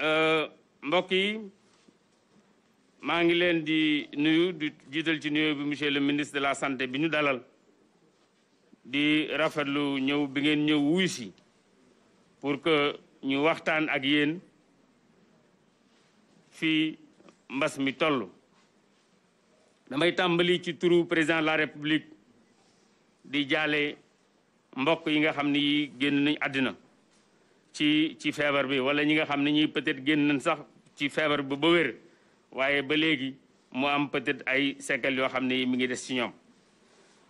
Euh, mbokk yi maa ngi leen di nuyu di jiital ci nuyu bi monsieur le ministre de la santé bi ñu dalal di rafetlu ñëw bi ngeen ñëw wuy si pour que ñu waxtaan ak yéen fii mbas mi toll damay tàmbali ci turu président de la république di jaale mbokk yi nga xam ni yi génn nañ àddina ci ci feebar bi wala ñi nga xam ne ñuy peut-être génn nañ sax ci feebar bi ba wér waaye ba léegi mu am peut-être ay séquelles yoo xam ne mi ngi des ci ñoom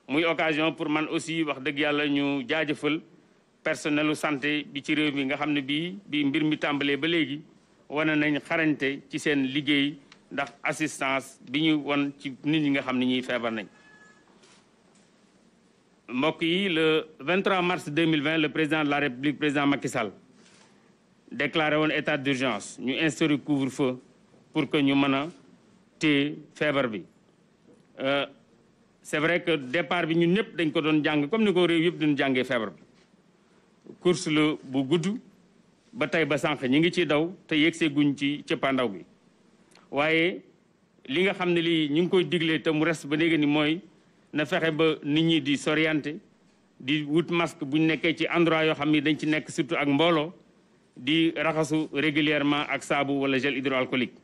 muy occasion pour man aussi wax dëgg yàlla ñu jaajëfal personnelu santé bi ci réew mi nga xam ne bii bi mbir mi tàmbalee ba léegi wane nañ xarañte ci seen liggéey ndax assistance bi ñu won ci nit ñi nga xam ne ñuy feebar nañ mbokk yi le 23 mars 2020 le président de la république président Macky déclaré woon état d'urgence ñu instauré couvre-feu pour que ñu mën a téye feebar bi euh, c'est vrai que départ bi ñun ñëpp dañ ko doon jàng comme ni ko réew yëpp doon jàngee feebar bi course la bu gudd ba tey ba sànq ñi ngi ci daw te yegsee guñ ci cëppaandaw bi waaye li nga xam ne lii ñu ngi koy digle te mu reste ba léegi ni mooy na fexe ba nit ñi di s'orienter di wut masque buñ nekkee ci endroit yoo xam ni dañ ci nekk surtout ak mbooloo di raxasu régulièrement ak saabu wala gel hydroalcoolique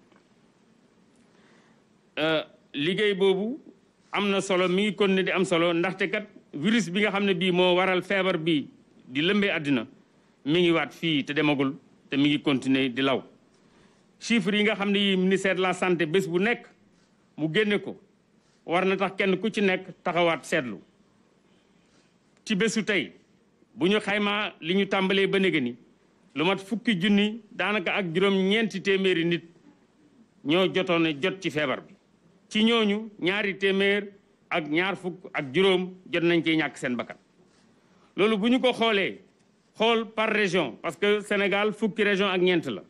euh, liggéey boobu am na solo mi ngi kon di am solo ndaxte kat virus bi nga xam ne bii moo waral feebar bi di lëmbee àddina mi ngi waat fii te demagul te mi ngi continuer di law chiffres yi nga xam ne yi ministère de la santé bés bu nekk mu génne ko war na tax kenn ku ci nekk taxawaat seetlu ci bésu tey bu ñu xaymaa li ñu tàmbalee ba néega lu mat fukki junni daanaka ak juróom ñeenti téeméeri nit ñoo jotoon jot ci feebar bi ci ñooñu ñaari téeméer ak ñaar fukk ak juróom jot nañ ci ñàkk seen bakkan loolu bu ñu ko xoolee xool par région parce que Sénégal fukki région ak ñeent la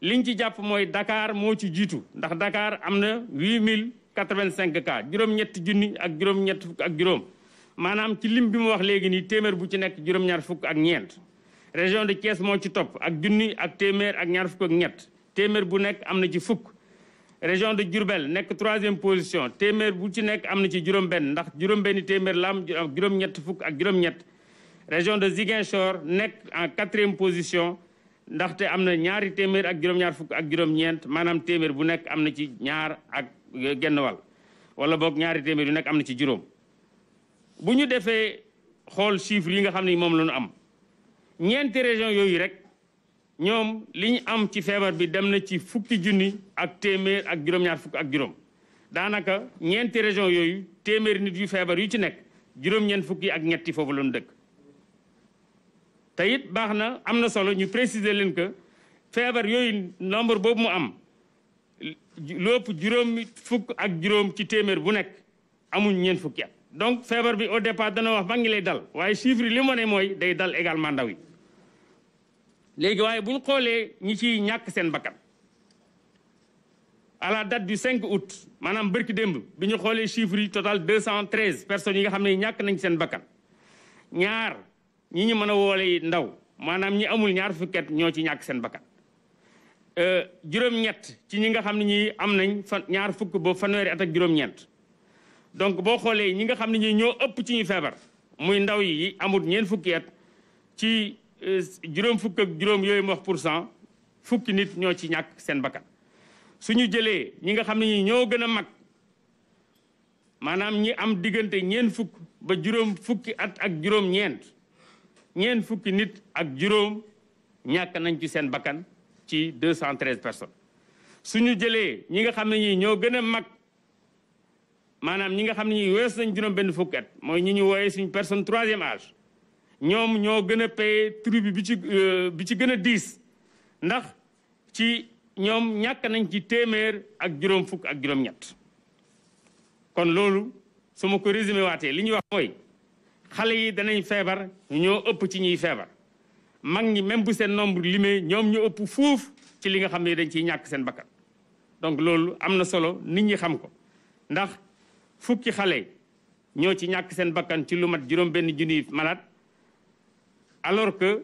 liñ ci jàpp mooy dakaar moo ci jiitu ndax Dakar am na huit mille quatre cinq cas juróom-ñetti ak juróom-ñett ak juróom maanaam ci lim bi mu wax léegi nii téeméer bu ci nekk juróom fukk ak ñeent région de Thiès moo ci topp ak junni ak téeméer ak ñaar fukk ak ñett téeméer bu nekk am na ci fukk région de jurbel nekk troisième position téeméer bu ci nekk am na ci juróom-benn ndax juróom-benni téeméer la am ak juróom-ñett fukk ak juróom-ñett région de Ziguinchor nekk en quatrième position ndaxte am na ñaari téeméer ak juróom-ñaar fukk ak juróom-ñeent maanaam téeméer bu nekk am na ci ñaar ak euh, genn wàll wala boog ñaari téeméer yu nekk am na ci juróom bu ñu defee xool chiffre yi xam ne moom la ñu am ñeenti région yooyu rek ñoom li ñu am ci feebar bi dem na ci fukki junni ak téeméer ak juróom-ñaar fukk ak juróom daanaka ñeenti région yooyu téeméeri nit yu feebar yu ci nekk juróom-ñeent fukki ak ñetti foofu la dëkk te it baax na am na solo ñu préciser leen que feebar yooyu nombre boobu mu am lépp juróom fukk ak juróom ci téeméer bu nekk amuñ ñeent fukki at donc feebar bi au départ dana wax ma ngi lay dal waaye chiffre li mu ne mooy day dal également ndaw yi léegi waaye bu ñu xoolee ñi ciy ñàkk seen bakkan à la date du 5 août maanaam bërki démb bi ñu xoolee chiffre yi cent 213 personnes yi nga xam ne ñàkk nañ seen bakkan ñaar ñi ñu mën a woole ndaw maanaam ñi amul ñaar ñoo ci ñàkk seen bakkan euh, juróom-ñett ci ñi nga xam ne ñi am nañ fan ñaar fukk ba fanweeri at ak juróom-ñeent donc boo xoolee ñi nga xam ne ñi ñoo ëpp ci ñu feebar muy ndaw yi amul ñeent fukki at ci juróom fukk ak juróom yooyu ma wax pour cent fukki nit ñoo ci ñàkk seen bakkan suñu jëlee ñi nga xam ne ñi ñoo gën a mag maanaam ñi am diggante ñeent fukk ba juróom fukki at ak juróom ñeent ñeent nit ak juróom ñàkk nañ ci seen bakkan ci 213 personnes suñu jëlee ñi nga xam ne ñi ñoo gën a mag maanaam ñi nga xam ne ñi wees nañ juróom benn fukki at mooy ñi ñu wooyee suñu personne troisième âge ñoom ñoo gën a paye tribut bi ci euh, bi ci gën a diis ndax ci ñoom ñàkk nañ ci téeméer ak juróom fukk ak juróom-ñett kon loolu su ma ko résumé waatee li ñuy wax mooy xale yi danañ feebar ñoo ëpp ci ñuy feebar mag ñi même bu seen nombre limé ñoom ñu ëpp fuuf ci li nga xam ne dañ ci ñàkk seen bakkan donc loolu am na solo nit ñi xam ko ndax fukki xale yi ñoo ci ñàkk seen bakkan ci lu mat juróom benn junniy malade alors que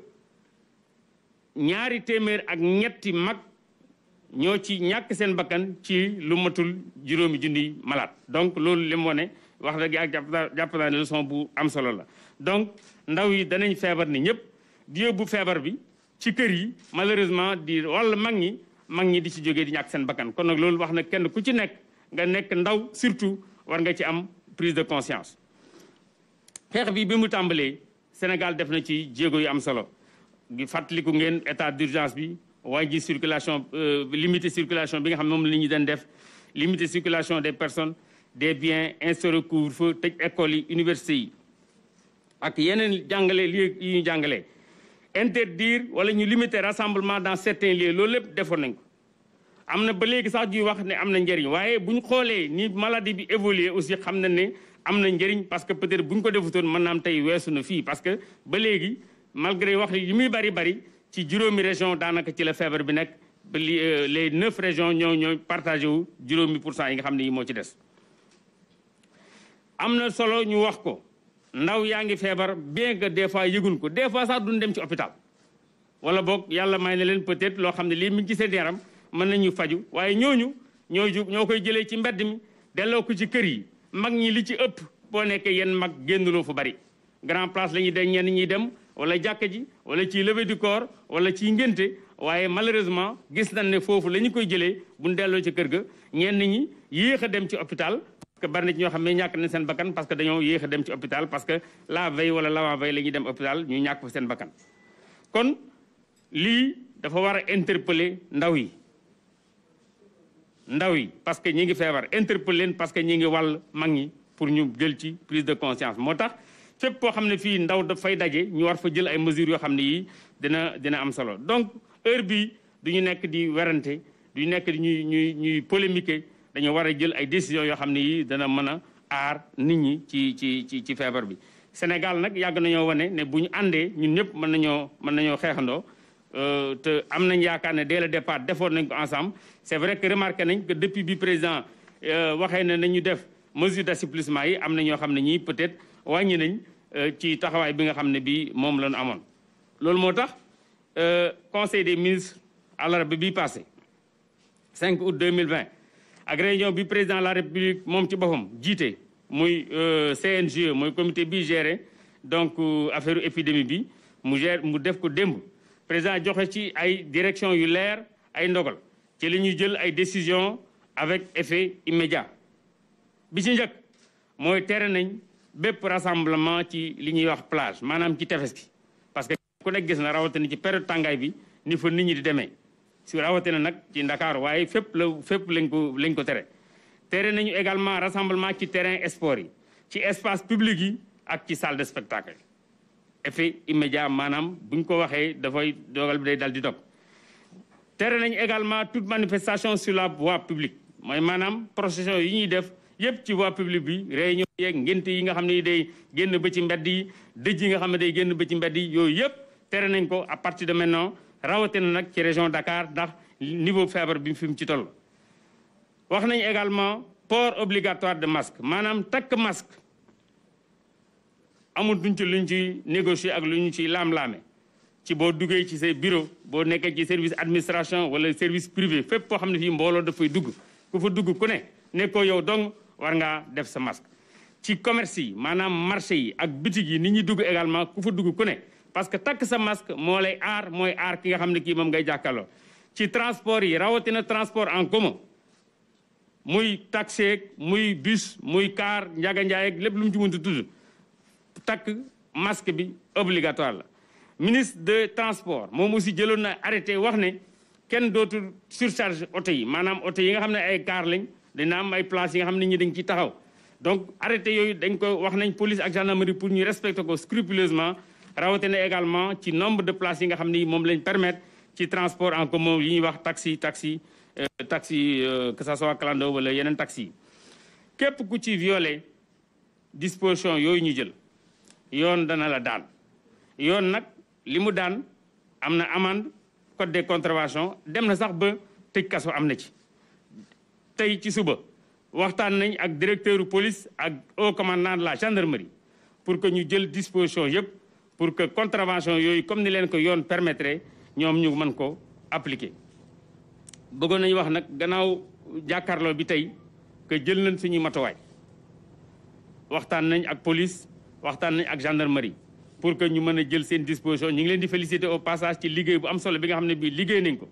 ñaari téeméer ak ñetti mag ñoo ci ñàkk seen bakkan ci lu matul juróomi junniy malaat donc loolu li wane wax dëgg ak jàpp naa ne leçon bu am solo la donc ndaw yi danañ feebar ni ñëpp di yóbbu feebar bi ci kër yi malheureusement di walla mag ñi mag ñi di ci jóge di ñàkk seen bakkan kon nag loolu wax na kenn ku ci nekk nga nekk ndaw surtout war nga ci am prise de conscience xeex bi bi mu tàmbalee Sénégal def na ci jéego yi am solo gi fàttaliku ngeen état d'urgence bi waaye ji circulation euh, limité circulation bi nga xam ne moom la ñu den def limité circulation des personnes des biens instauré couvre foo tëj école yi université yi ak yeneen jàngale li yi ñu jàngale interdire wala ñu limiter rassemblement dans certains lieux loolu lépp defoon nañ ko am na ba léegi sax ñuy wax ne am na njëriñ waaye bu ñu xoolee ni maladie bi évoluer aussi xam na ne am na njëriñ parce que peut bu ñu ko defutoon mën naa am tey weesu na fii parce que ba léegi malgré wax yi muy bari bari ci juróomi région daanaka ci la feebar bi nekk ba li euh, les neuf région ñoo ñoo partagé wu juróomi pour cent yi nga xam ne yi moo ci des. am na solo ñu wax ko ndaw yaa ngi feebar bien que des fois yëguñ ko des fois sax duñ dem ci hôpital wala boog yàlla may na leen peut-être loo xam ne lii mu ngi ci seen yaram mën nañu faju waaye ñooñu ñoo ju ñoo koy jëlee ci mbedd mi delloo ci kër yi. mag ñi li ci ëpp boo nekkee yéen mag génnuloo fu bari grand place la ñuy dem ñenn ñuy dem wala jàkka ji wala ci levée du corps wala ci ngénte waaye malheureusement gis nañ ne foofu la ñu koy jëlee buñ delloo ci kër ga ñenn ñi yéex a dem ci hôpital parce que bari ci ñoo xam ne ñàkk nañ seen bakkan parce que dañoo yéex dem ci hôpital parce que la veille wala l'avant-veille la ñuy dem hôpital ñu ñàkk fa seen bakkan kon lii dafa war a interpeller ndaw yi ndaw yi parce que ñi ngi feebar interpellé leen que ñi ngi wàll mag ñi pour ñu jël ci prise de conscience moo tax fépp koo xam ne fii ndaw dafay daje ñu war fa jël ay mesures yoo xam ne yii dina dina am solo donc heure bi du ñu nekk di werante du nekk di ñuy ñuy ñuy polémiquer dañu war a jël ay décisions yoo xam ne yii dana mën a aar nit ñi ci ci ci ci feebar bi. Sénégal nag yàgg nañoo wane ne bu ñu àndee ñun ñëpp mën nañoo mën nañoo xeexandoo. Euh, te am nañ yaakaar ne dès le départ defoon nañ ko ensemble c'est vrai que remarqué nañ que depuis bi président euh, waxee ne nañu def mesure d'assouplissement yi am na ñoo xam ne ñii peut-être wàññi nañ euh, ci taxawaay bi nga xam ne bii moom la ñu amoon. loolu moo tax conseil des ministres àllarba bi passé 5 août 2020 ak réunion bi président de la république moom ci boppam jiite muy CNGE mooy comité bi géré donc affaire épidémie bi mu gère mu def ko démb. président joxe ci ay direction yu leer ay ndogal ci li ñuy jël ay décision avec effet immédiat bi ci njëkk mooy tere nañ bépp rassemblement ci li ñuy wax plage maanaam ci tefes gi parce que ku nekk gis na rawatina ci période tàngaay bi ni fa nit ñi di demee su rawatina nag ci Ndakaaru waaye fépp la fépp lañ ko lañ ko tere tere nañu également rassemblement ci terrain sport yi ci espace public yi ak ci salle de spectacle effet immédiat maanaam buñ ko waxee dafay dogal bi day dal di dog tere nañ également toute manifestation sur la voie publique mooy maanaam procession yi ñuy def yëpp ci voie publique bi réunion yeeg ngénte yi nga xam ne day génn ba ci mbedd yi dëj yi nga xam ne day génn ba ci mbedd yi yooyu yëpp tere nañ ko à partir de maintenant rawatina nag ci région Dakar ndax niveau feebar bi fi mu ci toll wax nañ également port obligatoire de masque maanaam takk masque amul duñ ci luñ ci ak lu ñu ciy laam-laame ci boo duggee ci say bureau boo nekkee ci service administration wala service privé fépp koo xam ne fii mbooloo dafay dugg ku fa dugg ku ne nekkoo yow dong war ngaa def sa masque ci commerce yi maanaam marché yi ak bitig yi nit ñi dugg également ku fa dugg ku ne parce que takk sa masque moo lay aar mooy aar ki nga xam ne kii moom ngay jàkkaloo ci transport yi rawatina transport en commun muy taxi muy bus muy car njaga njaay lépp lu mu ci mënti takk masque bi obligatoire la ministre de transport moom aussi jëloon na arrêté wax ne kenn dootul surcharge oto yi maanaam oto yi nga xam ne ay car lañ dina am ay place yi nga xam ne ñi dañ ciy taxaw donc arrêté yooyu dañ ko wax nañ police ak gendarmerie pour ñu respecter ko scrupuleusement rawatina également ci nombre de place yi nga xam ni moom lañ permettre ci transport en commun yi ñu wax taxi taxi euh, taxi euh, que ça soit clando wala yeneen taxi yi képp ku ci violé disposition yooyu ñu jël yoon dana la daan yoon nag li mu daan am na amende code des contraventions dem na sax ba tëj kaso am na ci tey ci suba waxtaan nañ ak directeur police ak haut commandant de la gendarmerie pour que ñu jël disposition yëpp pour que contrevention yooyu comme ni leen ko yoon permettre ñoom ñu mën ko appliquer bëggoon nañu wax nag gannaaw jàkkaarloo bi tey que jël nañ suñu matuwaay waxtaan nañ ak police waxtaan nañ ak gendarmerie pour que ñu mën a jël seen disposition ñu ngi leen di féliciter au passage ci liggéey bu am solo bi nga xam ne bii liggéey nañ ko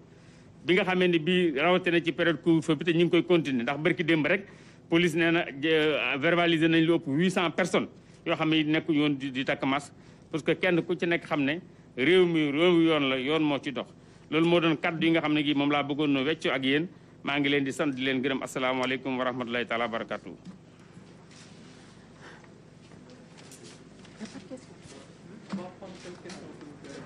bi nga xamee ne bii rawatina ci période bi te ñu ngi koy continuer ndax barki démb rek police nee na euh, verbaliser nañ lu ëpp huit cent personnes yoo xam ne nekk yoon di takk masque parce que kenn ku ci nekk xam ne réew mi réew yoon la yoon moo ci dox loolu moo doon kàddu yi nga xam ne gi moom laa bëggoon no weccu ak yéen maa ngi leen di sant di leen gërëm asalaamaaleykum wa rahmatulahi taala wa barakatuh